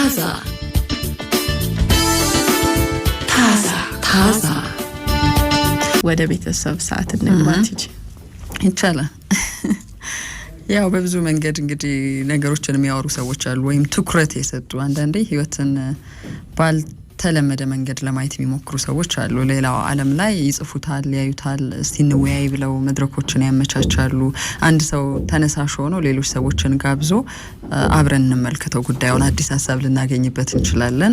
타사 ታዛ ታዛ ወደ ቤተሰብ ሰዓት እንግባት ይቻላል። ያው በብዙ መንገድ እንግዲህ ነገሮችን የሚያወሩ ሰዎች አሉ፣ ወይም ትኩረት የሰጡ አንዳንዴ ህይወትን ባል የተለመደ መንገድ ለማየት የሚሞክሩ ሰዎች አሉ። ሌላው ዓለም ላይ ይጽፉታል፣ ያዩታል፣ እስቲ እንወያይ ብለው መድረኮችን ያመቻቻሉ። አንድ ሰው ተነሳሽ ሆኖ ሌሎች ሰዎችን ጋብዞ አብረን እንመልከተው ጉዳዩን አዲስ ሀሳብ ልናገኝበት እንችላለን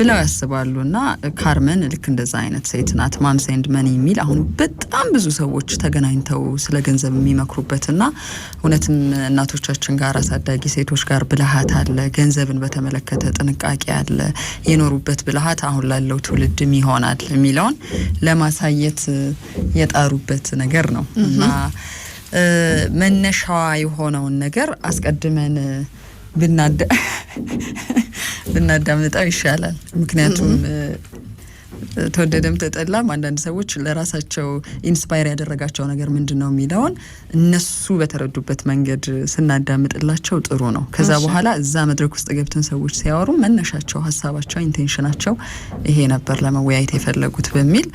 ብለው ያስባሉ እና ካርመን ልክ እንደዛ አይነት ሴት ናት። ማምስ ኤንድ መኒ የሚል አሁን በጣም ብዙ ሰዎች ተገናኝተው ስለ ገንዘብ የሚመክሩበት እውነትም እናቶቻችን ጋር አሳዳጊ ሴቶች ጋር ብልሃት አለ፣ ገንዘብን በተመለከተ ጥንቃቄ አለ፣ የኖሩበት ብልሃት አሁን ላለው ትውልድም ይሆናል የሚለውን ለማሳየት የጣሩበት ነገር ነው እና መነሻዋ የሆነውን ነገር አስቀድመን ብናዳምጠው ይሻላል። ምክንያቱም ተወደደም ተጠላም አንዳንድ ሰዎች ለራሳቸው ኢንስፓየር ያደረጋቸው ነገር ምንድን ነው የሚለውን እነሱ በተረዱበት መንገድ ስናዳምጥላቸው ጥሩ ነው። ከዛ በኋላ እዛ መድረክ ውስጥ ገብተን ሰዎች ሲያወሩ መነሻቸው፣ ሀሳባቸው፣ ኢንቴንሽናቸው ይሄ ነበር ለመወያየት የፈለጉት በሚል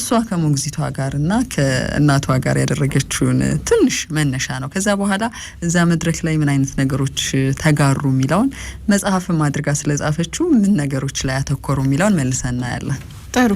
እሷ ከሞግዚቷ ጋር እና ከእናቷ ጋር ያደረገችውን ትንሽ መነሻ ነው። ከዛ በኋላ እዛ መድረክ ላይ ምን አይነት ነገሮች ተጋሩ የሚለውን መጽሐፍም አድርጋ ስለጻፈችው ምን ነገሮች ላይ አተኮሩ የሚለውን መልሰን እናያለን። ጥሩ።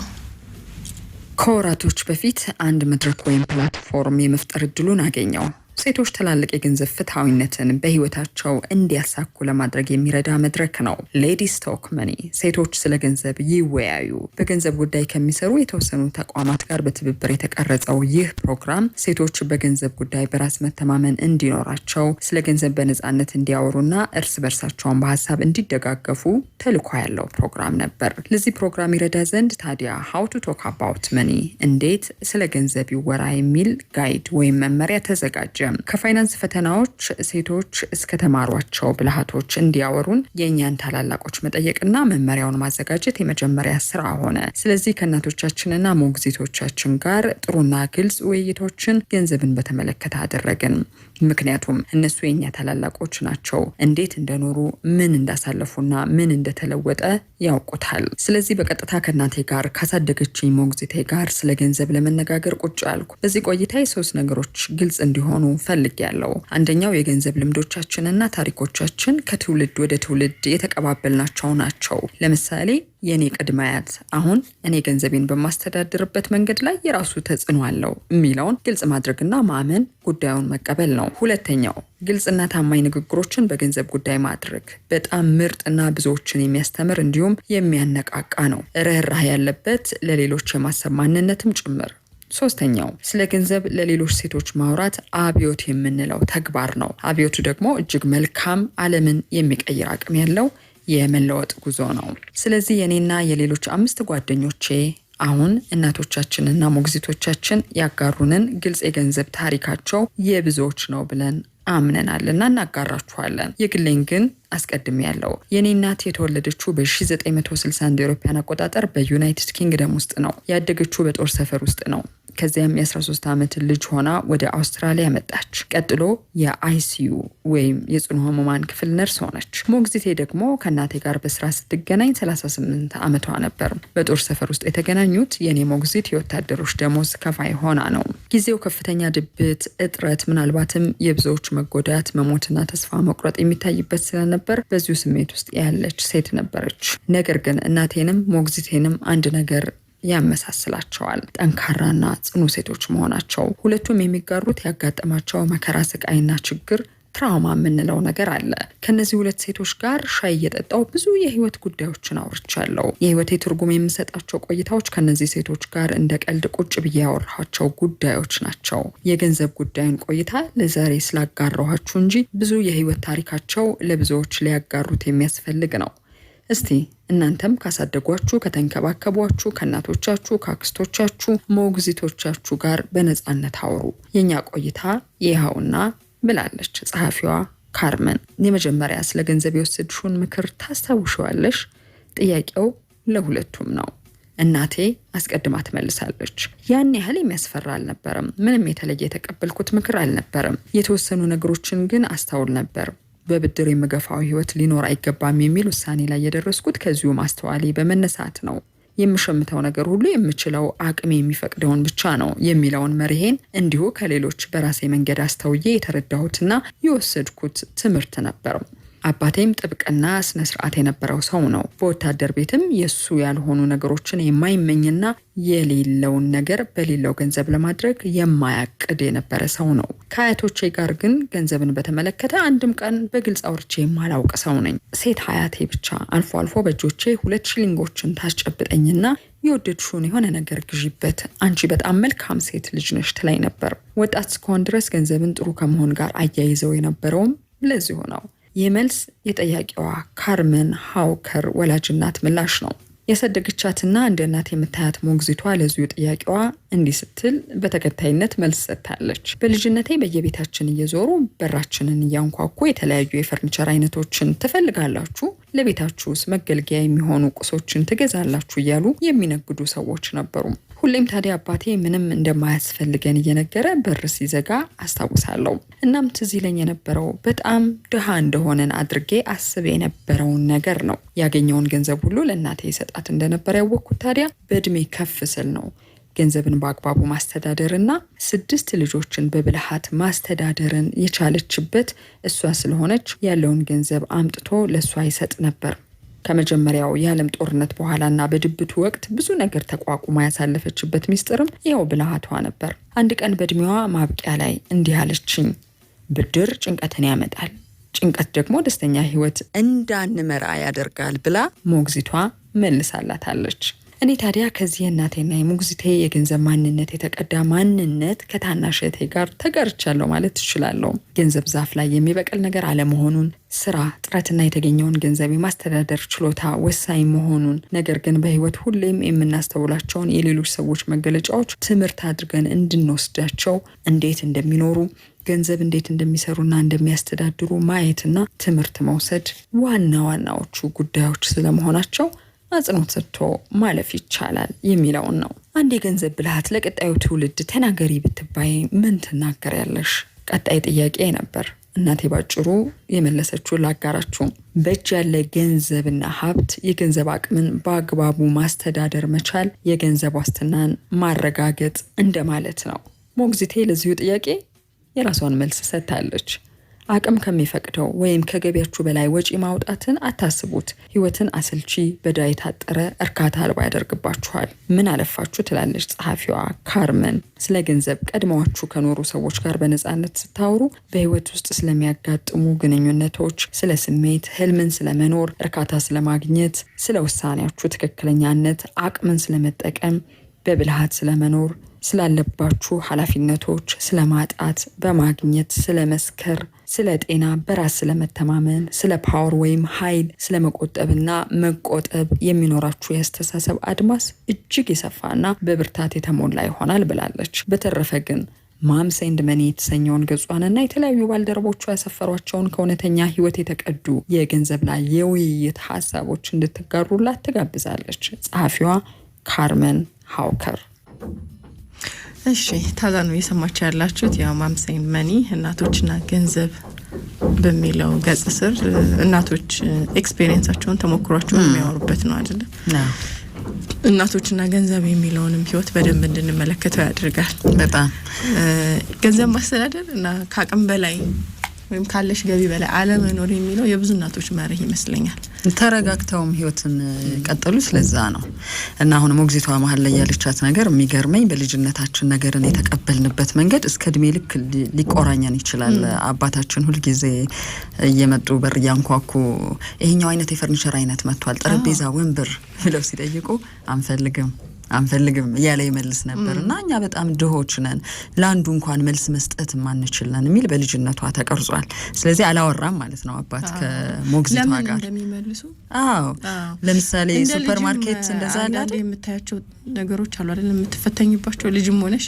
ከወራቶች በፊት አንድ መድረክ ወይም ፕላትፎርም የመፍጠር እድሉን አገኘው። ሴቶች ትላልቅ የገንዘብ ፍትሐዊነትን በህይወታቸው እንዲያሳኩ ለማድረግ የሚረዳ መድረክ ነው። ሌዲስ ቶክ መኒ ሴቶች ስለ ገንዘብ ይወያዩ። በገንዘብ ጉዳይ ከሚሰሩ የተወሰኑ ተቋማት ጋር በትብብር የተቀረጸው ይህ ፕሮግራም ሴቶች በገንዘብ ጉዳይ በራስ መተማመን እንዲኖራቸው፣ ስለ ገንዘብ በነፃነት እንዲያወሩና እርስ በርሳቸውን በሀሳብ እንዲደጋገፉ ተልኮ ያለው ፕሮግራም ነበር። ለዚህ ፕሮግራም ይረዳ ዘንድ ታዲያ ሀው ቱ ቶክ አባውት መኒ እንዴት ስለ ገንዘብ ይወራ የሚል ጋይድ ወይም መመሪያ ተዘጋጀ። ከፋይናንስ ፈተናዎች ሴቶች እስከተማሯቸው ብልሃቶች እንዲያወሩን የእኛን ታላላቆች መጠየቅና መመሪያውን ማዘጋጀት የመጀመሪያ ስራ ሆነ። ስለዚህ ከእናቶቻችንና ሞግዚቶቻችን ጋር ጥሩና ግልጽ ውይይቶችን ገንዘብን በተመለከተ አደረግን። ምክንያቱም እነሱ የኛ ታላላቆች ናቸው። እንዴት እንደኖሩ ምን እንዳሳለፉና ምን እንደተለወጠ ያውቁታል። ስለዚህ በቀጥታ ከእናቴ ጋር ካሳደገችኝ ሞግዚቴ ጋር ስለ ገንዘብ ለመነጋገር ቁጭ አልኩ። በዚህ ቆይታ የሶስት ነገሮች ግልጽ እንዲሆኑ ፈልጌያለሁ። አንደኛው የገንዘብ ልምዶቻችንና ታሪኮቻችን ከትውልድ ወደ ትውልድ የተቀባበልናቸው ናቸው። ለምሳሌ የእኔ ቅድማያት አሁን እኔ ገንዘቤን በማስተዳድርበት መንገድ ላይ የራሱ ተጽዕኖ አለው የሚለውን ግልጽ ማድረግና ማመን ጉዳዩን መቀበል ነው። ሁለተኛው ግልጽና ታማኝ ንግግሮችን በገንዘብ ጉዳይ ማድረግ በጣም ምርጥና ብዙዎችን የሚያስተምር እንዲሁም የሚያነቃቃ ነው። ርኅራህ ያለበት ለሌሎች የማሰብ ማንነትም ጭምር። ሶስተኛው ስለ ገንዘብ ለሌሎች ሴቶች ማውራት አብዮት የምንለው ተግባር ነው። አብዮቱ ደግሞ እጅግ መልካም ዓለምን የሚቀይር አቅም ያለው የመለወጥ ጉዞ ነው። ስለዚህ የኔና የሌሎች አምስት ጓደኞቼ አሁን እናቶቻችንና ሞግዚቶቻችን ያጋሩንን ግልጽ የገንዘብ ታሪካቸው የብዙዎች ነው ብለን አምነናል እና እናጋራችኋለን። የግሌን ግን አስቀድሜ ያለው የኔ እናት የተወለደችው በ1960 እንደ አውሮፓውያን አቆጣጠር በዩናይትድ ኪንግደም ውስጥ ነው። ያደገችው በጦር ሰፈር ውስጥ ነው። ከዚያም የ13 ዓመት ልጅ ሆና ወደ አውስትራሊያ መጣች። ቀጥሎ የአይሲዩ ወይም የጽኑ ህሙማን ክፍል ነርስ ሆነች። ሞግዚቴ ደግሞ ከእናቴ ጋር በስራ ስትገናኝ 38 ዓመቷ ነበር። በጦር ሰፈር ውስጥ የተገናኙት የኔ ሞግዚት የወታደሮች ደሞዝ ከፋይ ሆና ነው። ጊዜው ከፍተኛ ድብት፣ እጥረት፣ ምናልባትም የብዙዎች መጎዳት፣ መሞትና ተስፋ መቁረጥ የሚታይበት ስለነበር በዚሁ ስሜት ውስጥ ያለች ሴት ነበረች። ነገር ግን እናቴንም ሞግዚቴንም አንድ ነገር ያመሳስላቸዋል። ጠንካራና ጽኑ ሴቶች መሆናቸው ሁለቱም የሚጋሩት ያጋጠማቸው መከራ፣ ስቃይና ችግር ትራውማ የምንለው ነገር አለ። ከነዚህ ሁለት ሴቶች ጋር ሻይ እየጠጣው ብዙ የህይወት ጉዳዮችን አውርቻለሁ። የህይወቴ ትርጉም የምሰጣቸው ቆይታዎች ከነዚህ ሴቶች ጋር እንደ ቀልድ ቁጭ ብዬ ያወራኋቸው ጉዳዮች ናቸው። የገንዘብ ጉዳዩን ቆይታ ለዛሬ ስላጋራኋችሁ እንጂ ብዙ የህይወት ታሪካቸው ለብዙዎች ሊያጋሩት የሚያስፈልግ ነው። እስቲ እናንተም ካሳደጓችሁ ከተንከባከቧችሁ፣ ከእናቶቻችሁ፣ ከአክስቶቻችሁ፣ ሞግዚቶቻችሁ ጋር በነፃነት አውሩ። የእኛ ቆይታ ይኸውና ብላለች ጸሐፊዋ ካርመን። የመጀመሪያ ስለ ገንዘብ የወሰድሽውን ምክር ታስታውሸዋለሽ? ጥያቄው ለሁለቱም ነው። እናቴ አስቀድማ ትመልሳለች። ያን ያህል የሚያስፈራ አልነበረም። ምንም የተለየ የተቀበልኩት ምክር አልነበረም። የተወሰኑ ነገሮችን ግን አስታውል ነበር። በብድር የምገፋው ህይወት ሊኖር አይገባም የሚል ውሳኔ ላይ የደረስኩት ከዚሁ ማስተዋሌ በመነሳት ነው። የምሸምተው ነገር ሁሉ የምችለው አቅሜ የሚፈቅደውን ብቻ ነው የሚለውን መርሄን እንዲሁ ከሌሎች በራሴ መንገድ አስተውዬ የተረዳሁትና የወሰድኩት ትምህርት ነበር። አባቴም ጥብቅና ስነ ስርዓት የነበረው ሰው ነው። በወታደር ቤትም የእሱ ያልሆኑ ነገሮችን የማይመኝና የሌለውን ነገር በሌለው ገንዘብ ለማድረግ የማያቅድ የነበረ ሰው ነው። ከአያቶቼ ጋር ግን ገንዘብን በተመለከተ አንድም ቀን በግልጽ አውርቼ የማላውቅ ሰው ነኝ። ሴት አያቴ ብቻ አልፎ አልፎ በእጆቼ ሁለት ሽሊንጎችን ታስጨብጠኝና የወደድሽውን የሆነ ነገር ግዢበት፣ አንቺ በጣም መልካም ሴት ልጅ ነሽ ትላይ ነበር። ወጣት እስከሆን ድረስ ገንዘብን ጥሩ ከመሆን ጋር አያይዘው የነበረውም ለዚሁ ነው። ይህ መልስ የጠያቂዋ ካርመን ሃውከር ወላጅናት ምላሽ ነው። የሰደገቻትና እንደ እናት የምታያት ሞግዚቷ ለዚሁ ጥያቄዋ እንዲህ ስትል በተከታይነት መልስ ሰጥታለች። በልጅነቴ በየቤታችን እየዞሩ በራችንን እያንኳኩ የተለያዩ የፈርኒቸር አይነቶችን ትፈልጋላችሁ፣ ለቤታችሁ ውስጥ መገልገያ የሚሆኑ ቁሶችን ትገዛላችሁ እያሉ የሚነግዱ ሰዎች ነበሩ። ሁሌም ታዲያ አባቴ ምንም እንደማያስፈልገን እየነገረ በር ሲዘጋ አስታውሳለሁ። እናም ትዝ ይለኝ የነበረው በጣም ድሃ እንደሆነን አድርጌ አስብ የነበረውን ነገር ነው። ያገኘውን ገንዘብ ሁሉ ለእናቴ ይሰጣት እንደነበረ ያወቅኩት ታዲያ በእድሜ ከፍ ስል ነው። ገንዘብን በአግባቡ ማስተዳደርና ስድስት ልጆችን በብልሃት ማስተዳደርን የቻለችበት እሷ ስለሆነች ያለውን ገንዘብ አምጥቶ ለእሷ ይሰጥ ነበር። ከመጀመሪያው የዓለም ጦርነት በኋላና በድብቱ ወቅት ብዙ ነገር ተቋቁማ ያሳለፈችበት ሚስጥርም ይኸው ብልሃቷ ነበር። አንድ ቀን በእድሜዋ ማብቂያ ላይ እንዲህ አለችኝ፣ ብድር ጭንቀትን ያመጣል፣ ጭንቀት ደግሞ ደስተኛ ህይወት እንዳንመራ ያደርጋል ብላ ሞግዚቷ መልሳላታለች። እኔ ታዲያ ከዚህ የእናቴና የሙግዚቴ የገንዘብ ማንነት የተቀዳ ማንነት ከታናሽ እህቴ ጋር ተጋርቻለሁ ማለት እችላለሁ። ገንዘብ ዛፍ ላይ የሚበቅል ነገር አለመሆኑን ስራ ጥረትና የተገኘውን ገንዘብ የማስተዳደር ችሎታ ወሳኝ መሆኑን ነገር ግን በህይወት ሁሌም የምናስተውላቸውን የሌሎች ሰዎች መገለጫዎች ትምህርት አድርገን እንድንወስዳቸው እንዴት እንደሚኖሩ ገንዘብ እንዴት እንደሚሰሩና እንደሚያስተዳድሩ ማየትና ትምህርት መውሰድ ዋና ዋናዎቹ ጉዳዮች ስለመሆናቸው አጽንኦት ሰጥቶ ማለፍ ይቻላል የሚለውን ነው። አንድ የገንዘብ ብልሃት ለቀጣዩ ትውልድ ተናገሪ ብትባይ ምን ትናገሪያለሽ? ቀጣይ ጥያቄ ነበር። እናቴ ባጭሩ የመለሰችው ላጋራችሁ። በእጅ ያለ ገንዘብና ሀብት የገንዘብ አቅምን በአግባቡ ማስተዳደር መቻል የገንዘብ ዋስትናን ማረጋገጥ እንደማለት ነው። ሞግዚቴ ለዚሁ ጥያቄ የራሷን መልስ ሰጥታለች። አቅም ከሚፈቅደው ወይም ከገቢያችሁ በላይ ወጪ ማውጣትን አታስቡት። ህይወትን አሰልቺ፣ በዳ የታጠረ እርካታ አልባ ያደርግባችኋል። ምን አለፋችሁ ትላለች ጸሐፊዋ ካርመን። ስለ ገንዘብ ቀድመዋችሁ ከኖሩ ሰዎች ጋር በነፃነት ስታወሩ በህይወት ውስጥ ስለሚያጋጥሙ ግንኙነቶች፣ ስለ ስሜት፣ ህልምን ስለመኖር፣ እርካታ ስለማግኘት፣ ስለ ውሳኔያችሁ ትክክለኛነት፣ አቅምን ስለመጠቀም፣ በብልሃት ስለመኖር ስላለባችሁ ኃላፊነቶች፣ ስለ ማጣት፣ በማግኘት ስለ መስከር፣ ስለ ጤና፣ በራስ ስለመተማመን፣ ስለ ፓወር ወይም ኃይል፣ ስለ መቆጠብና መቆጠብ የሚኖራችሁ የአስተሳሰብ አድማስ እጅግ የሰፋና በብርታት የተሞላ ይሆናል ብላለች። በተረፈ ግን ማምስ ኤንድ መኒ የተሰኘውን ገጿንና የተለያዩ ባልደረቦቿ ያሰፈሯቸውን ከእውነተኛ ህይወት የተቀዱ የገንዘብ ላይ የውይይት ሀሳቦች እንድትጋሩላት ትጋብዛለች። ጸሐፊዋ ካርመን ሃውከር እሺ ታዛ ነው እየሰማችሁ ያላችሁት። ያው ማምሰኝ መኒ እናቶችና ገንዘብ በሚለው ገጽ ስር እናቶች ኤክስፔሪየንሳቸውን ተሞክሯቸውን የሚያወሩበት ነው አይደለም? እናቶችና ገንዘብ የሚለውንም ህይወት በደንብ እንድንመለከተው ያደርጋል። በጣም ገንዘብ ማስተዳደር እና ከአቅም በላይ ወይም ካለሽ ገቢ በላይ አለመኖር የሚለው የብዙ እናቶች መርህ ይመስለኛል። ተረጋግተውም ህይወትን ቀጠሉ። ስለዛ ነው እና አሁን ሞግዚቷ መሀል ላይ ያለቻት ነገር የሚገርመኝ በልጅነታችን ነገርን የተቀበልንበት መንገድ እስከ እድሜ ልክ ሊቆራኘን ይችላል። አባታችን ሁልጊዜ እየመጡ በር እያንኳኩ ይሄኛው አይነት የፈርኒቸር አይነት መጥቷል፣ ጠረጴዛ፣ ወንበር ብለው ሲጠይቁ አንፈልግም አንፈልግም እያለ ይመልስ ነበር እና እኛ በጣም ድሆች ነን፣ ለአንዱ እንኳን መልስ መስጠት ማንችል ነን የሚል በልጅነቷ ተቀርጿል። ስለዚህ አላወራም ማለት ነው አባት ከሞግዚቷ ጋር። አዎ ለምሳሌ ሱፐር ማርኬት እንደዛ የምታያቸው ነገሮች አሉ አይደለም፣ የምትፈተኝባቸው ልጅም ሆነሽ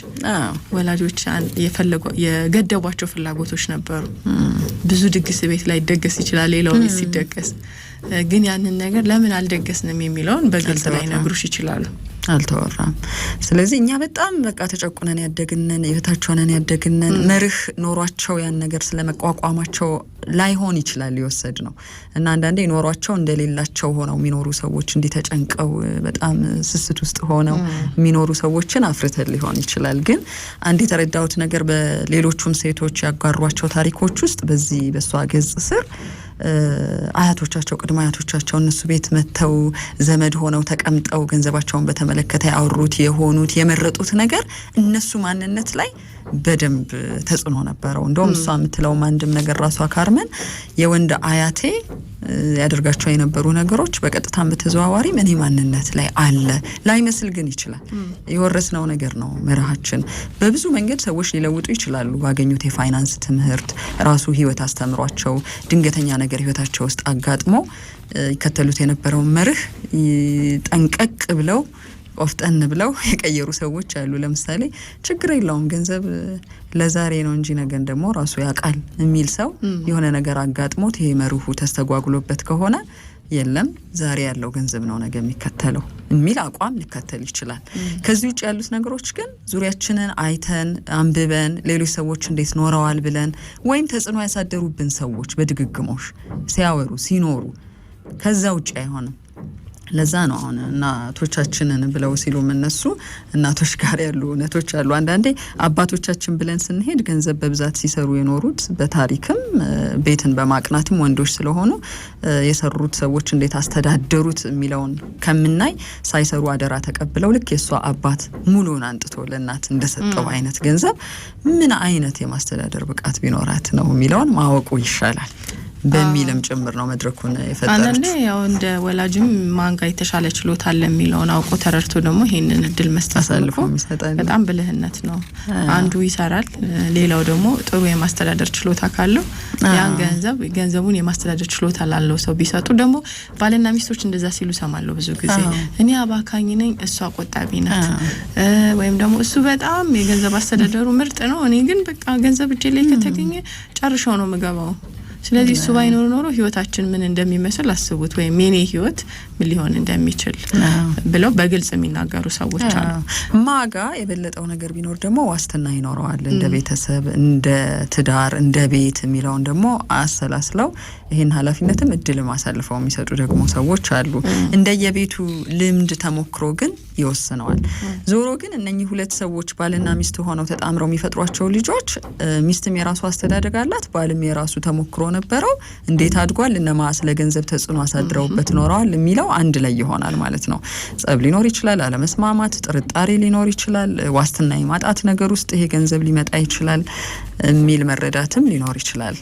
ወላጆች የገደቧቸው ፍላጎቶች ነበሩ። ብዙ ድግስ ቤት ላይ ይደገስ ይችላል፣ ሌላው ቤት ሲደገስ ግን ያንን ነገር ለምን አልደገስንም የሚለውን በግልጽ ላይ ነግሩሽ ይችላሉ። አልተወራም። ስለዚህ እኛ በጣም በቃ ተጨቁነን ያደግነን የበታች ሆነን ያደግነን መርህ ኖሯቸው ያን ነገር ስለመቋቋማቸው ላይሆን ይችላል ሊወሰድ ነው እና አንዳንዴ ኖሯቸው እንደሌላቸው ሆነው የሚኖሩ ሰዎች እንዲህ ተጨንቀው በጣም ስስት ውስጥ ሆነው የሚኖሩ ሰዎችን አፍርተን ሊሆን ይችላል። ግን አንድ የተረዳሁት ነገር በሌሎቹም ሴቶች ያጋሯቸው ታሪኮች ውስጥ በዚህ በእሷ ገጽ ስር አያቶቻቸው ቅድመ አያቶቻቸው እነሱ ቤት መጥተው ዘመድ ሆነው ተቀምጠው ገንዘባቸውን በተመለከተ ያወሩት የሆኑት የመረጡት ነገር እነሱ ማንነት ላይ በደንብ ተጽዕኖ ነበረው። እንደውም እሷ የምትለውም አንድም ነገር ራሷ ካርመን የወንድ አያቴ ያደርጋቸው የነበሩ ነገሮች በቀጥታ በተዘዋዋሪ እኔ ማንነት ላይ አለ ላይመስል ግን ይችላል። የወረስነው ነገር ነው መርሃችን። በብዙ መንገድ ሰዎች ሊለውጡ ይችላሉ። ባገኙት የፋይናንስ ትምህርት ራሱ ህይወት አስተምሯቸው ድንገተኛ ነገር ህይወታቸው ውስጥ አጋጥሞ ይከተሉት የነበረውን መርህ ጠንቀቅ ብለው ቆፍጠን ብለው የቀየሩ ሰዎች አሉ። ለምሳሌ ችግር የለውም ገንዘብ ለዛሬ ነው እንጂ ነገን ደግሞ ራሱ ያውቃል የሚል ሰው የሆነ ነገር አጋጥሞት ይሄ መርሁ ተስተጓጉሎበት ከሆነ የለም ዛሬ ያለው ገንዘብ ነው ነገ የሚከተለው የሚል አቋም ሊከተል ይችላል። ከዚህ ውጭ ያሉት ነገሮች ግን ዙሪያችንን አይተን አንብበን ሌሎች ሰዎች እንዴት ኖረዋል ብለን ወይም ተጽዕኖ ያሳደሩብን ሰዎች በድግግሞሽ ሲያወሩ ሲኖሩ ከዛ ውጭ አይሆንም። ለዛ ነው አሁን እናቶቻችንን ብለው ሲሉ የምነሱ እናቶች ጋር ያሉ እውነቶች አሉ። አንዳንዴ አባቶቻችን ብለን ስንሄድ ገንዘብ በብዛት ሲሰሩ የኖሩት በታሪክም ቤትን በማቅናትም ወንዶች ስለሆኑ የሰሩት ሰዎች እንዴት አስተዳደሩት የሚለውን ከምናይ ሳይሰሩ አደራ ተቀብለው ልክ የእሷ አባት ሙሉን አንጥቶ ለእናት እንደሰጠው አይነት ገንዘብ ምን አይነት የማስተዳደር ብቃት ቢኖራት ነው የሚለውን ማወቁ ይሻላል። በሚልም ጭምር ነው መድረኩን የፈጠሩት። ያው እንደ ወላጅም ማንጋ የተሻለ ችሎታ አለ የሚለውን አውቆ ተረድቶ ደግሞ ይህንን እድል መስጠት በጣም ብልህነት ነው። አንዱ ይሰራል፣ ሌላው ደግሞ ጥሩ የማስተዳደር ችሎታ ካለው ያን ገንዘብ ገንዘቡን የማስተዳደር ችሎታ ላለው ሰው ቢሰጡ ደግሞ ባልና ሚስቶች እንደዛ ሲሉ ሰማለሁ ብዙ ጊዜ እኔ አባካኝ ነኝ፣ እሷ ቆጣቢ ናት፣ ወይም ደግሞ እሱ በጣም የገንዘብ አስተዳደሩ ምርጥ ነው፣ እኔ ግን በቃ ገንዘብ እጄ ላይ ከተገኘ ጨርሻው ነው ምገባው ስለዚህ እሱ ባይኖር ኖሮ ህይወታችን ምን እንደሚመስል አስቡት፣ ወይም የኔ ህይወት ምን ሊሆን እንደሚችል ብለው በግልጽ የሚናገሩ ሰዎች አሉ። ማጋ የበለጠው ነገር ቢኖር ደግሞ ዋስትና ይኖረዋል። እንደ ቤተሰብ፣ እንደ ትዳር፣ እንደ ቤት የሚለውን ደግሞ አሰላስለው ይህን ኃላፊነትም እድልም አሳልፈው የሚሰጡ ደግሞ ሰዎች አሉ። እንደየቤቱ ልምድ ተሞክሮ ግን ይወስነዋል። ዞሮ ግን እነኚህ ሁለት ሰዎች ባልና ሚስት ሆነው ተጣምረው የሚፈጥሯቸው ልጆች ሚስትም የራሱ አስተዳደግ አላት፣ ባልም የራሱ ተሞክሮ ነው ነበረው እንዴት አድጓል፣ እነማ ስለ ገንዘብ ተጽዕኖ አሳድረውበት ኖረዋል የሚለው አንድ ላይ ይሆናል ማለት ነው። ጸብ ሊኖር ይችላል፣ አለመስማማት፣ ጥርጣሬ ሊኖር ይችላል፣ ዋስትና የማጣት ነገር ውስጥ ይሄ ገንዘብ ሊመጣ ይችላል የሚል መረዳትም ሊኖር ይችላል።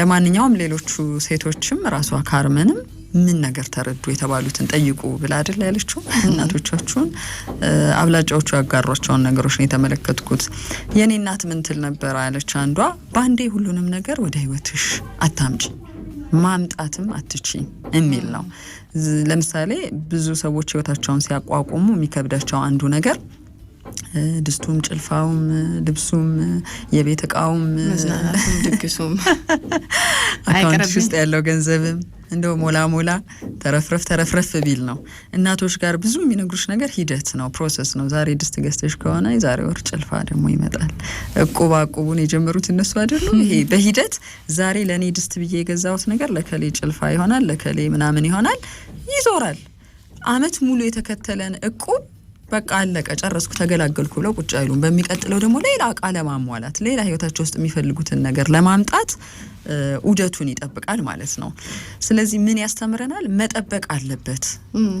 ለማንኛውም ሌሎቹ ሴቶችም ራሷ ካርመንም ምን ነገር ተረዱ የተባሉትን ጠይቁ ብላ አደለ ያለችው። እናቶቻችሁን አብላጫዎቹ ያጋሯቸውን ነገሮች ነው የተመለከትኩት። የኔ እናት ምን ትል ነበር አለች አንዷ፣ በአንዴ ሁሉንም ነገር ወደ ህይወትሽ አታምጪ ማምጣትም አትቺ የሚል ነው። ለምሳሌ ብዙ ሰዎች ህይወታቸውን ሲያቋቁሙ የሚከብዳቸው አንዱ ነገር ድስቱም፣ ጭልፋውም፣ ልብሱም፣ የቤት እቃውም፣ ድግሱም፣ አካውንት ውስጥ ያለው ገንዘብም እንደው ሞላ ሞላ ተረፍረፍ ተረፍረፍ ቢል ነው። እናቶች ጋር ብዙ የሚነግሩሽ ነገር ሂደት ነው፣ ፕሮሰስ ነው። ዛሬ ድስት ገዝተሽ ከሆነ የዛሬ ወር ጭልፋ ደግሞ ይመጣል። እቁብ አቁቡን የጀመሩት እነሱ አደሉ ይሄ በሂደት ዛሬ ለእኔ ድስት ብዬ የገዛሁት ነገር ለከሌ ጭልፋ ይሆናል፣ ለከሌ ምናምን ይሆናል፣ ይዞራል። አመት ሙሉ የተከተለን እቁብ በቃ አለቀ ጨረስኩ ተገላገልኩ ብለው ቁጭ አይሉም። በሚቀጥለው ደግሞ ሌላ እቃ ለማሟላት ሌላ ህይወታቸው ውስጥ የሚፈልጉትን ነገር ለማምጣት ውደቱን ይጠብቃል ማለት ነው። ስለዚህ ምን ያስተምረናል? መጠበቅ አለበት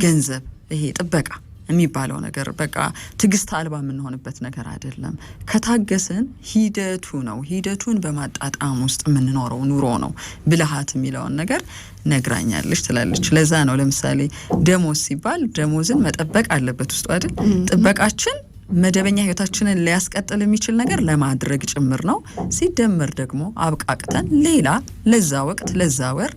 ገንዘብ ይሄ ጥበቃ የሚባለው ነገር በቃ ትግስት አልባ የምንሆንበት ነገር አይደለም። ከታገስን ሂደቱ ነው ሂደቱን በማጣጣም ውስጥ የምንኖረው ኑሮ ነው ብልሃት የሚለውን ነገር ነግራኛለች ትላለች። ለዛ ነው ለምሳሌ ደሞዝ ሲባል ደሞዝን መጠበቅ አለበት ውስጡ አይደል? ጥበቃችን መደበኛ ህይወታችንን ሊያስቀጥል የሚችል ነገር ለማድረግ ጭምር ነው። ሲደመር ደግሞ አብቃቅተን ሌላ ለዛ ወቅት ለዛ ወር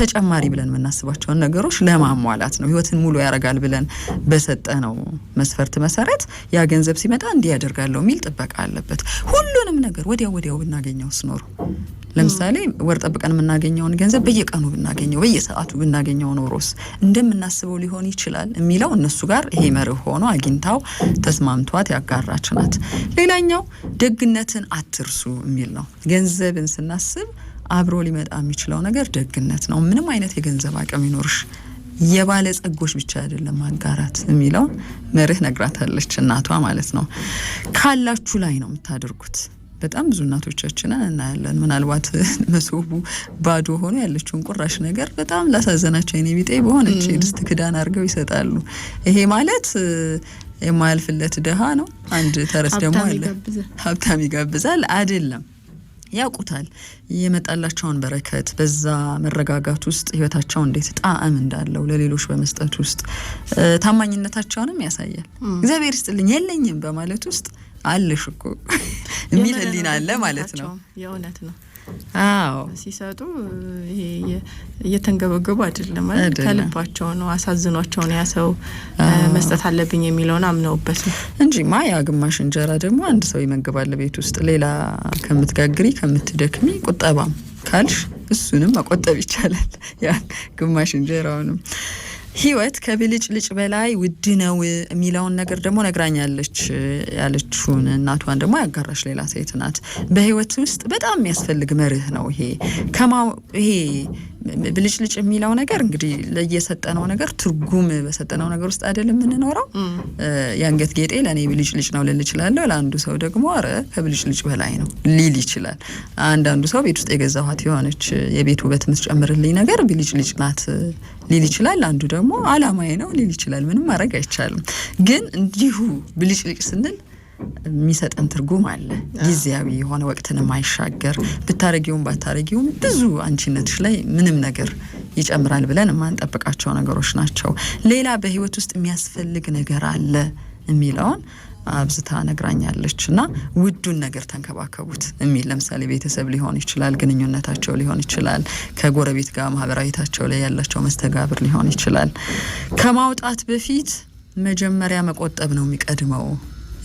ተጨማሪ ብለን የምናስባቸውን ነገሮች ለማሟላት ነው። ህይወትን ሙሉ ያደርጋል ብለን በሰጠነው መስፈርት መሰረት ያ ገንዘብ ሲመጣ እንዲህ ያደርጋለሁ የሚል ጥበቃ አለበት። ሁሉንም ነገር ወዲያው ወዲያው ብናገኘው ስኖሩ ለምሳሌ ወር ጠብቀን የምናገኘውን ገንዘብ በየቀኑ ብናገኘው፣ በየሰዓቱ ብናገኘው ኖሮስ እንደምናስበው ሊሆን ይችላል የሚለው እነሱ ጋር ይሄ መርህ ሆኖ አግኝታው ተስማምቷት ያጋራች ናት። ሌላኛው ደግነትን አትርሱ የሚል ነው። ገንዘብን ስናስብ አብሮ ሊመጣ የሚችለው ነገር ደግነት ነው። ምንም አይነት የገንዘብ አቅም ይኖርሽ የባለጸጎች ብቻ አይደለም ማጋራት የሚለውን መርህ ነግራታለች እናቷ ማለት ነው። ካላችሁ ላይ ነው የምታደርጉት። በጣም ብዙ እናቶቻችንን እናያለን። ምናልባት መሶቡ ባዶ ሆኖ ያለችውን ቁራሽ ነገር በጣም ላሳዘናቸው የኔ ቢጤ በሆነች የድስት ክዳን አድርገው ይሰጣሉ። ይሄ ማለት የማያልፍለት ድሃ ነው። አንድ ተረስ ደግሞ አለ ሀብታም ይጋብዛል አይደለም። ያውቁታል። የመጣላቸውን በረከት በዛ መረጋጋት ውስጥ ህይወታቸው እንዴት ጣዕም እንዳለው ለሌሎች በመስጠት ውስጥ ታማኝነታቸውንም ያሳያል። እግዚአብሔር ይስጥልኝ የለኝም በማለት ውስጥ አለሽ እኮ የሚል ህሊና አለ ማለት ነው። የእውነት ነው። ሲሰጡ እየተንገበገቡ አይደለም ማለት ከልባቸው ነው፣ አሳዝኗቸው ነው። ያ ሰው መስጠት አለብኝ የሚለውን አምነውበት ነው ማ ያ ግማሽ እንጀራ ደግሞ አንድ ሰው ይመግባል ቤት ውስጥ። ሌላ ከምትጋግሪ ከምትደክሚ ቁጠባም ካልሽ እሱንም መቆጠብ ይቻላል። ያ ግማሽ እንጀራውንም ህይወት ከብልጭልጭ በላይ ውድ ነው የሚለውን ነገር ደግሞ ነግራኛለች ያለችውን እናቷን ደግሞ ያጋራሽ ሌላ ሴት ናት። በህይወት ውስጥ በጣም የሚያስፈልግ መርህ ነው ይሄ ከማ ይሄ ብልጭልጭ የሚለው ነገር እንግዲህ ለየሰጠነው ነገር ትርጉም በሰጠነው ነገር ውስጥ አይደለም የምንኖረው። የአንገት ጌጤ ለእኔ ብልጭልጭ ነው ልል እችላለሁ። ለአንዱ ሰው ደግሞ አረ ከብልጭልጭ በላይ ነው ሊል ይችላል። አንዳንዱ ሰው ቤት ውስጥ የገዛኋት የሆነች የቤት ውበት የምትጨምርልኝ ነገር ብልጭልጭ ናት ሊል ይችላል። አንዱ ደግሞ አላማዬ ነው ሊል ይችላል። ምንም ማድረግ አይቻልም። ግን እንዲሁ ብልጭልጭ ስንል የሚሰጠን ትርጉም አለ። ጊዜያዊ የሆነ ወቅትን የማይሻገር ብታረጊውም ባታረጊውም ብዙ አንቺነትሽ ላይ ምንም ነገር ይጨምራል ብለን የማንጠብቃቸው ነገሮች ናቸው። ሌላ በህይወት ውስጥ የሚያስፈልግ ነገር አለ የሚለውን አብዝታ ነግራኛለች እና ውዱን ነገር ተንከባከቡት የሚል ለምሳሌ ቤተሰብ ሊሆን ይችላል፣ ግንኙነታቸው ሊሆን ይችላል፣ ከጎረቤት ጋር ማህበራዊታቸው ላይ ያላቸው መስተጋብር ሊሆን ይችላል። ከማውጣት በፊት መጀመሪያ መቆጠብ ነው የሚቀድመው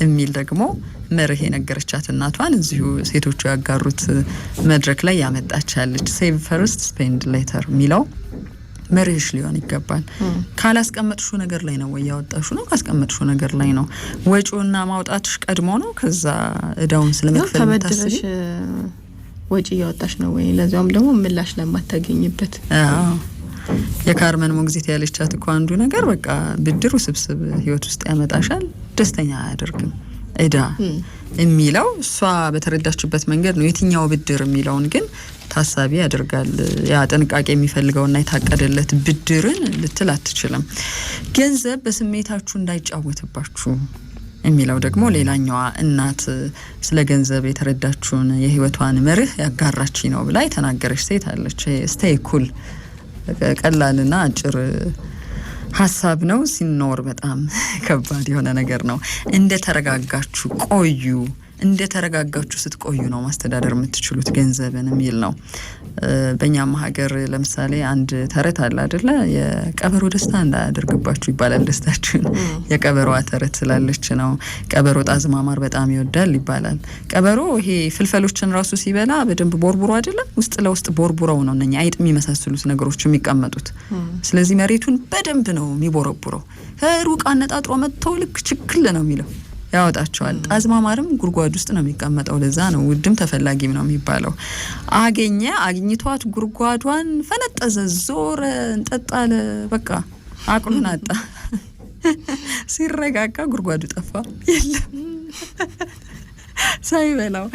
የሚል ደግሞ መርህ የነገረቻት እናቷን እዚሁ ሴቶቹ ያጋሩት መድረክ ላይ ያመጣቻለች ሴቭ ፈርስት ስፔንድ ሌተር የሚለው መርህሽ ሊሆን ይገባል። ካላስቀመጥሹ ነገር ላይ ነው ወይ ያወጣሹ ነው? ካስቀመጥሹ ነገር ላይ ነው። ወጪውና ማውጣትሽ ቀድሞ ነው። ከዛ እዳውን ስለመክፈል ተበድረሽ ወጪ እያወጣሽ ነው ወይ? ለዚያውም ደግሞ ምላሽ ለማታገኝበት የካርመን ሞግዚት ያለቻት እኮ አንዱ ነገር በቃ ብድር ውስብስብ ህይወት ውስጥ ያመጣሻል፣ ደስተኛ አያደርግም እዳ የሚለው እሷ በተረዳችበት መንገድ ነው። የትኛው ብድር የሚለውን ግን ታሳቢ ያደርጋል። ያ ጥንቃቄ የሚፈልገውና የታቀደለት ብድርን ልትል አትችልም። ገንዘብ በስሜታችሁ እንዳይጫወትባችሁ የሚለው ደግሞ ሌላኛዋ እናት ስለ ገንዘብ የተረዳችውን የህይወቷን መርህ ያጋራች ነው ብላ የተናገረች ሴት አለች። ስቴይ ኩል ቀላልና አጭር ሀሳብ ነው፣ ሲኖር በጣም ከባድ የሆነ ነገር ነው። እንደተረጋጋችሁ ቆዩ እንደተረጋጋችሁ ስትቆዩ ነው ማስተዳደር የምትችሉት ገንዘብን የሚል ነው። በእኛም ሀገር ለምሳሌ አንድ ተረት አለ አደለ? የቀበሮ ደስታ እንዳያደርግባችሁ ይባላል። ደስታችሁን የቀበሮዋ ተረት ስላለች ነው። ቀበሮ ጣዝማማር በጣም ይወዳል ይባላል። ቀበሮ ይሄ ፍልፈሎችን ራሱ ሲበላ በደንብ ቦርቡሮ አይደለም፣ ውስጥ ለውስጥ ቦርቡረው ነው እነኛ አይጥ የሚመሳስሉት ነገሮች የሚቀመጡት። ስለዚህ መሬቱን በደንብ ነው የሚቦረቡረው። ከሩቅ አነጣጥሮ መጥተው ልክ ችክል ነው የሚለው ያወጣቸዋል። ጣዝማማርም ጉድጓድ ውስጥ ነው የሚቀመጠው። ለዛ ነው ውድም ተፈላጊም ነው የሚባለው። አገኘ አግኝቷት ጉድጓዷን ፈነጠዘ፣ ዞረ፣ እንጠጣለ። በቃ አቅሉን አጣ። ሲረጋጋ ጉድጓዱ ጠፋ፣ የለም ሳይበላው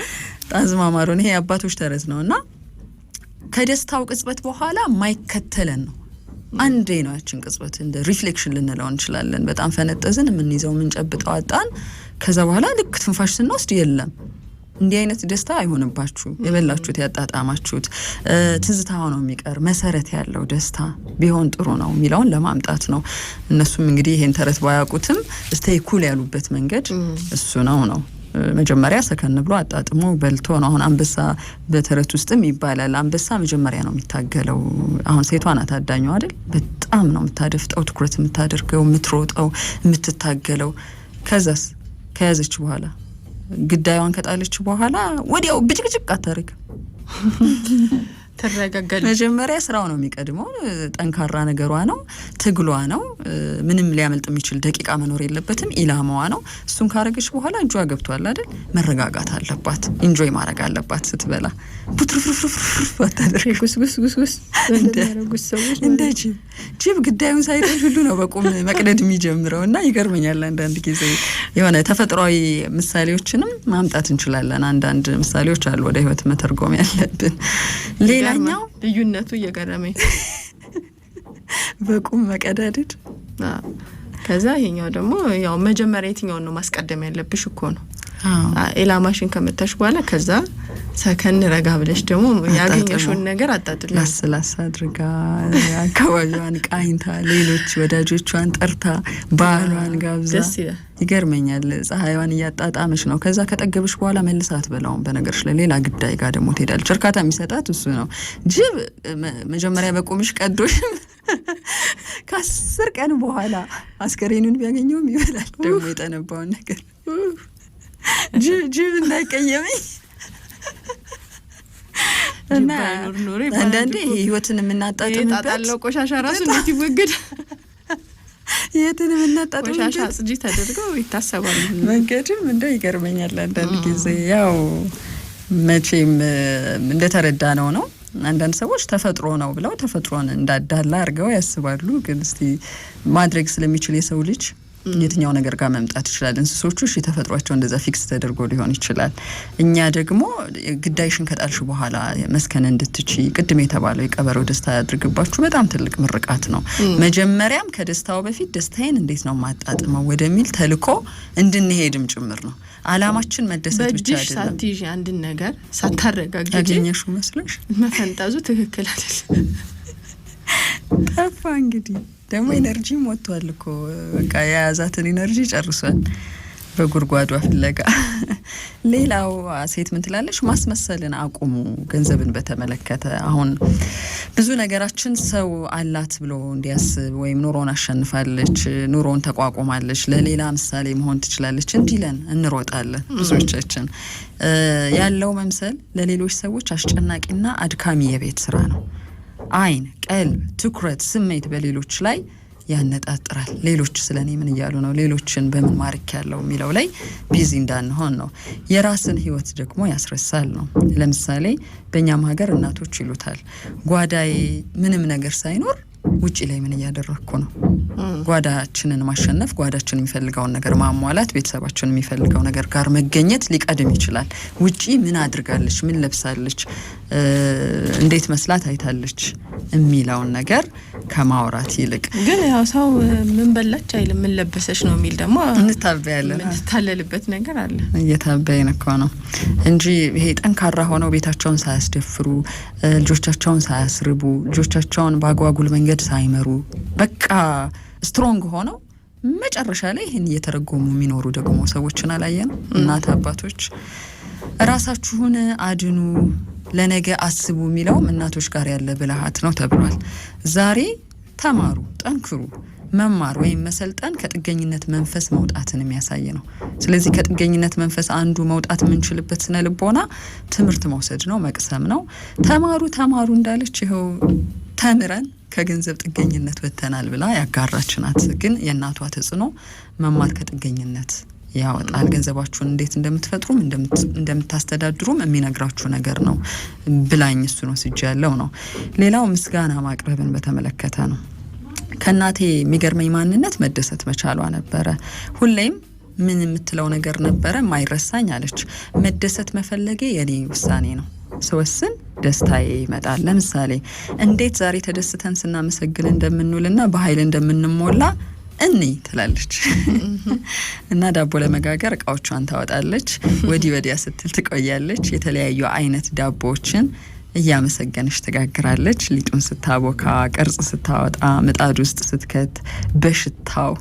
ጣዝማማሩን። ይሄ አባቶች ተረት ነው እና ከደስታው ቅጽበት በኋላ ማይከተለን ነው አንዴ ነው ያችን ቅጽበት እንደ ሪፍሌክሽን ልንለው እንችላለን። በጣም ፈነጠዝን፣ የምንይዘው የምንጨብጠው አጣን። ከዛ በኋላ ልክ ትንፋሽ ስንወስድ የለም። እንዲህ አይነት ደስታ አይሆንባችሁ። የበላችሁት ያጣጣማችሁት ትዝታ ነው የሚቀር መሰረት ያለው ደስታ ቢሆን ጥሩ ነው የሚለውን ለማምጣት ነው። እነሱም እንግዲህ ይሄን ተረት ባያውቁትም ስቴይ ኩል ያሉበት መንገድ እሱ ነው ነው መጀመሪያ ሰከን ብሎ አጣጥሞ በልቶ ነው። አሁን አንበሳ በተረት ውስጥም ይባላል አንበሳ መጀመሪያ ነው የሚታገለው። አሁን ሴቷ ናት አዳኙ አይደል? በጣም ነው የምታደፍጠው፣ ትኩረት የምታደርገው፣ የምትሮጠው፣ የምትታገለው። ከዛስ ከያዘች በኋላ ግዳዩን ከጣለች በኋላ ወዲያው ብጭቅጭቅ አታደርግም። ትረጋጋለች። መጀመሪያ ስራው ነው የሚቀድመው። ጠንካራ ነገሯ ነው፣ ትግሏ ነው። ምንም ሊያመልጥ የሚችል ደቂቃ መኖር የለበትም። ኢላማዋ ነው። እሱን ካረገች በኋላ እጇ ገብቷል አይደል? መረጋጋት አለባት። ኢንጆይ ማድረግ አለባት ስትበላ። ቡትርፍርፍርፍርፍ አታደርግ። ጉስጉስጉስጉስ እንደ ጅብ ጅብ ግዳዩን ሳይደል ሁሉ ነው በቁም መቅደድ የሚጀምረው እና ይገርመኛል አንዳንድ ጊዜ የሆነ ተፈጥሯዊ ምሳሌዎችንም ማምጣት እንችላለን። አንዳንድ ምሳሌዎች አሉ ወደ ህይወት መተርጎም ያለብን ሌላ ያኛው ልዩነቱ እየገረመኝ በቁም መቀዳደድ ከዛ ይሄኛው ደግሞ ያው መጀመሪያ የትኛውን ነው ማስቀደም ያለብሽ እኮ ነው። ኢላማሽን ከመታሽ በኋላ ከዛ ሰከን ረጋ ብለሽ ደግሞ ያገኘሽውን ነገር አጣጥላ ላስላስ አድርጋ አካባቢዋን ቃኝታ ሌሎች ወዳጆቿን ጠርታ ባህሏን ጋብዛ ይገርመኛል። ፀሐይዋን እያጣጣመች ነው። ከዛ ከጠገበች በኋላ መልሳት አትበላውም። በነገርሽ ላይ ሌላ ግዳይ ጋር ደግሞ ትሄዳለች። እርካታ የሚሰጣት እሱ ነው። ጅብ መጀመሪያ በቁምሽ ቀዶሽ ከአስር ቀን በኋላ አስከሬኑን ቢያገኘውም ይበላል ደግሞ የጠነባውን ነገር ጅብ እንዳይቀየመኝ እና አንዳንዴ ህይወትን የምናጣጥምበት ቆሻሻ ራሱ እንዴት ይወገድ? የትን የምናጣጥምበት ቆሻሻ አጽጂ ተደርገው ይታሰባል። መንገድም እንደ ይገርመኛል አንዳንድ ጊዜ ያው መቼም እንደተረዳ ነው ነው አንዳንድ ሰዎች ተፈጥሮ ነው ብለው ተፈጥሮን እንዳዳላ አድርገው ያስባሉ። ግን እስቲ ማድረግ ስለሚችል የሰው ልጅ የትኛው ነገር ጋር መምጣት ይችላል። እንስሶቹ እሺ ተፈጥሯቸው እንደዛ ፊክስ ተደርጎ ሊሆን ይችላል። እኛ ደግሞ ግዳይሽን ከጣልሽ በኋላ መስከን እንድትች ቅድም የተባለው የቀበሮ ደስታ ያድርግባችሁ በጣም ትልቅ ምርቃት ነው። መጀመሪያም ከደስታው በፊት ደስታዬን እንዴት ነው ማጣጥመው ወደሚል ተልኮ እንድንሄድም ጭምር ነው። አላማችን መደሰት ብቻ አይደለም። ሳትይዥ አንድን ነገር ሳታረጋግጪ ያገኘሽው መፈንጠዙ ትክክል አይደለም። ጠፋ እንግዲህ ደግሞ ኤነርጂም ወጥቷል እኮ በቃ የያዛትን ኤነርጂ ጨርሷል። በጉድጓዷ ፍለጋ። ሌላው ሴት ምን ትላለች? ማስመሰልን አቁሙ። ገንዘብን በተመለከተ አሁን ብዙ ነገራችን ሰው አላት ብሎ እንዲያስብ ወይም ኑሮን አሸንፋለች፣ ኑሮን ተቋቁማለች፣ ለሌላ ምሳሌ መሆን ትችላለች እንዲለን እንሮጣለን። ብዙዎቻችን ያለው መምሰል ለሌሎች ሰዎች አስጨናቂና አድካሚ የቤት ስራ ነው። አይን፣ ቀልብ፣ ትኩረት፣ ስሜት በሌሎች ላይ ያነጣጥራል። ሌሎች ስለኔ ምን እያሉ ነው፣ ሌሎችን በምን ማርክ ያለው የሚለው ላይ ቢዚ እንዳንሆን ነው። የራስን ህይወት ደግሞ ያስረሳል ነው። ለምሳሌ በእኛም ሀገር እናቶች ይሉታል፣ ጓዳዬ ምንም ነገር ሳይኖር ውጭ ላይ ምን እያደረግኩ ነው? ጓዳችንን ማሸነፍ፣ ጓዳችን የሚፈልገውን ነገር ማሟላት፣ ቤተሰባችን የሚፈልገው ነገር ጋር መገኘት ሊቀድም ይችላል። ውጪ ምን አድርጋለች? ምን ለብሳለች? እንዴት መስላት አይታለች የሚለውን ነገር ከማውራት ይልቅ ግን ያው ሰው ምን በላች አይል ምን ለበሰች ነው የሚል ደግሞ እንታበያለንታለልበት ነገር አለ። እየታበይን እኮ ነው እንጂ ይሄ ጠንካራ ሆነው ቤታቸውን ሳያስደፍሩ፣ ልጆቻቸውን ሳያስርቡ፣ ልጆቻቸውን በአጓጉል መንገድ ሳይመሩ፣ በቃ ስትሮንግ ሆነው መጨረሻ ላይ ይህን እየተረጎሙ የሚኖሩ ደግሞ ሰዎችን አላየን? እናት አባቶች ራሳችሁን አድኑ። ለነገ አስቡ የሚለውም እናቶች ጋር ያለ ብልሃት ነው ተብሏል። ዛሬ ተማሩ፣ ጠንክሩ። መማር ወይም መሰልጠን ከጥገኝነት መንፈስ መውጣትን የሚያሳይ ነው። ስለዚህ ከጥገኝነት መንፈስ አንዱ መውጣት የምንችልበት ስነ ልቦና ትምህርት መውሰድ ነው፣ መቅሰም ነው። ተማሩ ተማሩ እንዳለች ይኸው ተምረን ከገንዘብ ጥገኝነት ወጥተናል ብላ ያጋራችናት ግን የእናቷ ተጽዕኖ መማር ከጥገኝነት ያወጣል። ገንዘባችሁን እንዴት እንደምትፈጥሩም እንደምታስተዳድሩም የሚነግራችሁ ነገር ነው ብላኝ እሱ ነው ስጅ ያለው ነው። ሌላው ምስጋና ማቅረብን በተመለከተ ነው። ከእናቴ የሚገርመኝ ማንነት መደሰት መቻሏ ነበረ። ሁሌም ምን የምትለው ነገር ነበረ ማይረሳኝ አለች። መደሰት መፈለጌ የኔ ውሳኔ ነው ስወስን ደስታዬ ይመጣል። ለምሳሌ እንዴት ዛሬ ተደስተን ስናመሰግን እንደምንውልና በኃይል እንደምንሞላ እኒ ትላለች እና ዳቦ ለመጋገር እቃዎቿን ታወጣለች። ወዲህ ወዲያ ስትል ትቆያለች። የተለያዩ አይነት ዳቦዎችን እያመሰገነች ትጋግራለች። ሊጡን ስታቦካ፣ ቅርጽ ስታወጣ፣ ምጣድ ውስጥ ስትከት በሽታው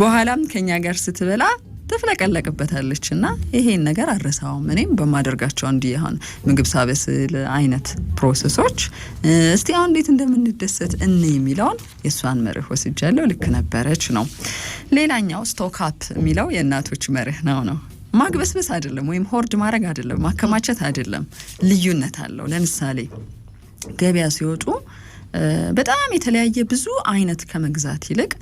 በኋላም ከኛ ጋር ስትበላ ትፍለቀለቅበታለች እና ይሄን ነገር አረሳውም። እኔም በማደርጋቸው አንዱ የሆን ምግብ ሳበስል አይነት ፕሮሰሶች እስቲ አሁን እንዴት እንደምንደሰት እን የሚለውን የእሷን መርህ ወስጃለሁ። ልክ ነበረች ነው። ሌላኛው ስቶካፕ የሚለው የእናቶች መርህ ነው ነው ማግበስበስ አይደለም ወይም ሆርድ ማድረግ አይደለም ማከማቸት አይደለም። ልዩነት አለው። ለምሳሌ ገበያ ሲወጡ በጣም የተለያየ ብዙ አይነት ከመግዛት ይልቅ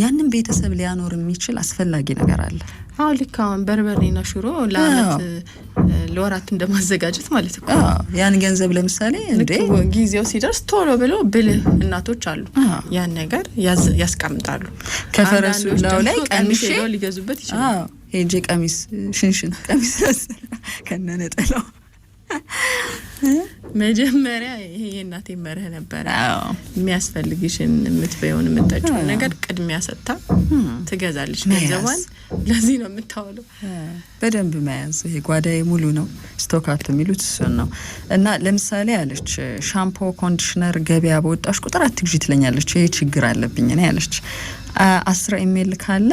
ያንን ቤተሰብ ሊያኖር የሚችል አስፈላጊ ነገር አለ። አዎ ልክ አሁን በርበሬና ሽሮ ለአመት ለወራት እንደማዘጋጀት ማለት ነው። ያን ገንዘብ ለምሳሌ እንዴ ጊዜው ሲደርስ ቶሎ ብለው ብልህ እናቶች አሉ፣ ያን ነገር ያስቀምጣሉ። ከፈረሱ ላው ላይ ቀሚስ ሊገዙበት ይችላል። ሄጄ ቀሚስ ሽንሽን ቀሚስ ከነነጠለው መጀመሪያ ይሄ የእናቴ መርህ ነበረ። የሚያስፈልግሽን የምትበየውን የምጠጭውን ነገር ቅድሚያ ሰጥታ ትገዛለች። ገንዘቧን ለዚህ ነው የምታውለው። በደንብ መያዝ። ይሄ ጓዳዬ ሙሉ ነው ስቶካት የሚሉት እሱን ነው። እና ለምሳሌ አለች ሻምፖ፣ ኮንዲሽነር ገበያ በወጣሽ ቁጥር አትግዢ ትለኛለች። ይሄ ችግር አለብኝ እኔ ያለች አስራ ኢሜል ካለ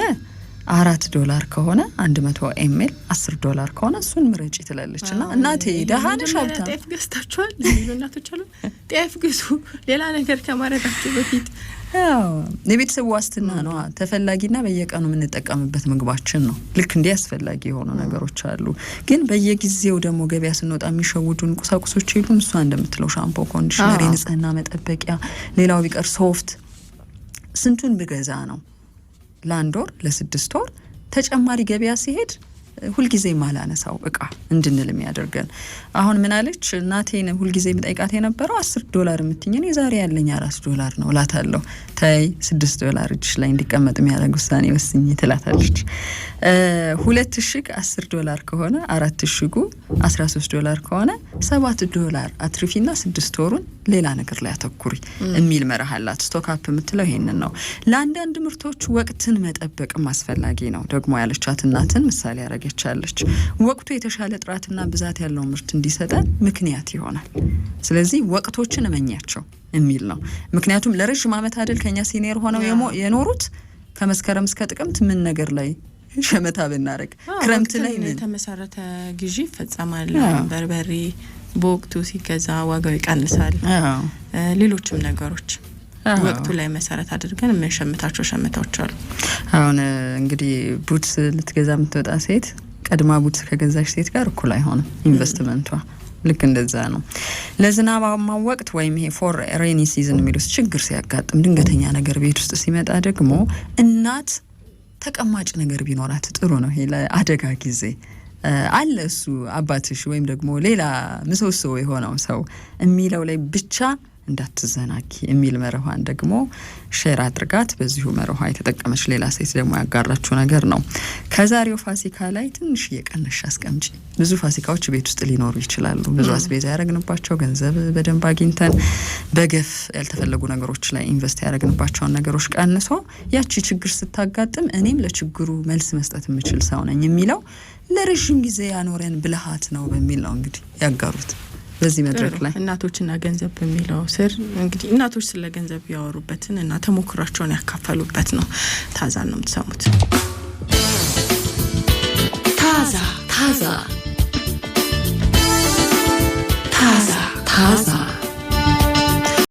አራት ዶላር ከሆነ አንድ መቶ ኤምኤል አስር ዶላር ከሆነ እሱን ምረጭ ትላለች። እና እናቴ ደሃንሽ አልታ ጤፍ ገዝታችኋል እናቶች አሉ ጤፍ ግዙ። ሌላ ነገር ከማረጋችሁ በፊት የቤተሰብ ዋስትና ነዋ። ተፈላጊና በየቀኑ የምንጠቀምበት ምግባችን ነው። ልክ እንዲህ አስፈላጊ የሆኑ ነገሮች አሉ። ግን በየጊዜው ደግሞ ገበያ ስንወጣ የሚሸውዱን ቁሳቁሶች የሉም። እሷ እንደምትለው ሻምፖ፣ ኮንዲሽነር፣ የንጽህና መጠበቂያ ሌላው ቢቀር ሶፍት ስንቱን ብገዛ ነው ለአንድ ወር ለስድስት ወር ተጨማሪ ገበያ ሲሄድ ሁልጊዜ ማላነሳው እቃ እንድንል የሚያደርገን አሁን ምን አለች እናቴን ሁልጊዜ የምጠይቃት የነበረው አስር ዶላር የምትኝን የዛሬ ያለኝ አራት ዶላር ነው እላታለሁ። ተይ ስድስት ዶላር እጅ ላይ እንዲቀመጥ የሚያደርግ ውሳኔ ወስኝ ትላታለች። ሁለት እሽግ አስር ዶላር ከሆነ አራት እሽጉ አስራ ሶስት ዶላር ከሆነ ሰባት ዶላር አትርፊና ስድስት ወሩን ሌላ ነገር ላይ አተኩሪ የሚል መርህ አላት። ስቶክ የምትለው ይሄንን ነው። ለአንዳንድ ምርቶች ወቅትን መጠበቅም አስፈላጊ ነው ደግሞ ያለቻት እናትን ምሳሌ ያረግ ታደርገቻለች። ወቅቱ የተሻለ ጥራትና ብዛት ያለው ምርት እንዲሰጠን ምክንያት ይሆናል። ስለዚህ ወቅቶችን እመኛቸው የሚል ነው። ምክንያቱም ለረዥም ዓመት አይደል ከኛ ሲኒየር ሆነው የኖሩት ከመስከረም እስከ ጥቅምት ምን ነገር ላይ ሸመታ ብናደርግ ክረምት ላይ ምን የተመሰረተ ግዢ ይፈጸማል። በርበሬ በወቅቱ ሲገዛ ዋጋው ይቀንሳል። ሌሎችም ነገሮች ወቅቱ ላይ መሰረት አድርገን የምንሸምታቸው ሸምታዎች አሉ። አሁን እንግዲህ ቡትስ ልትገዛ የምትወጣ ሴት ቀድማ ቡትስ ከገዛች ሴት ጋር እኩል አይሆንም ኢንቨስትመንቷ። ልክ እንደዛ ነው። ለዝናባማ ወቅት ወይም ይሄ ፎር ሬኒ ሲዝን የሚሉት ችግር ሲያጋጥም ድንገተኛ ነገር ቤት ውስጥ ሲመጣ ደግሞ እናት ተቀማጭ ነገር ቢኖራት ጥሩ ነው። ይሄ ለአደጋ ጊዜ አለ እሱ አባትሽ ወይም ደግሞ ሌላ ምሰሶ የሆነው ሰው የሚለው ላይ ብቻ እንዳትዘናኪ የሚል መርሃን ደግሞ ሼር አድርጋት። በዚሁ መርሃ የተጠቀመች ሌላ ሴት ደግሞ ያጋራችው ነገር ነው። ከዛሬው ፋሲካ ላይ ትንሽ እየቀነሽ አስቀምጪ። ብዙ ፋሲካዎች ቤት ውስጥ ሊኖሩ ይችላሉ። ብዙ አስቤዛ ያደረግንባቸው ገንዘብ በደንብ አግኝተን በገፍ ያልተፈለጉ ነገሮች ላይ ኢንቨስት ያደረግንባቸውን ነገሮች ቀንሶ ያቺ ችግር ስታጋጥም እኔም ለችግሩ መልስ መስጠት የምችል ሰው ነኝ የሚለው ለረዥም ጊዜ ያኖረን ብልሃት ነው በሚል ነው እንግዲህ ያጋሩት። በዚህ መድረክ ላይ እናቶችና ገንዘብ በሚለው ስር እንግዲህ እናቶች ስለ ገንዘብ ያወሩበትን እና ተሞክሯቸውን ያካፈሉበት ነው። ታዛን ነው የምትሰሙት። ታዛ ታዛ ታዛ ታዛ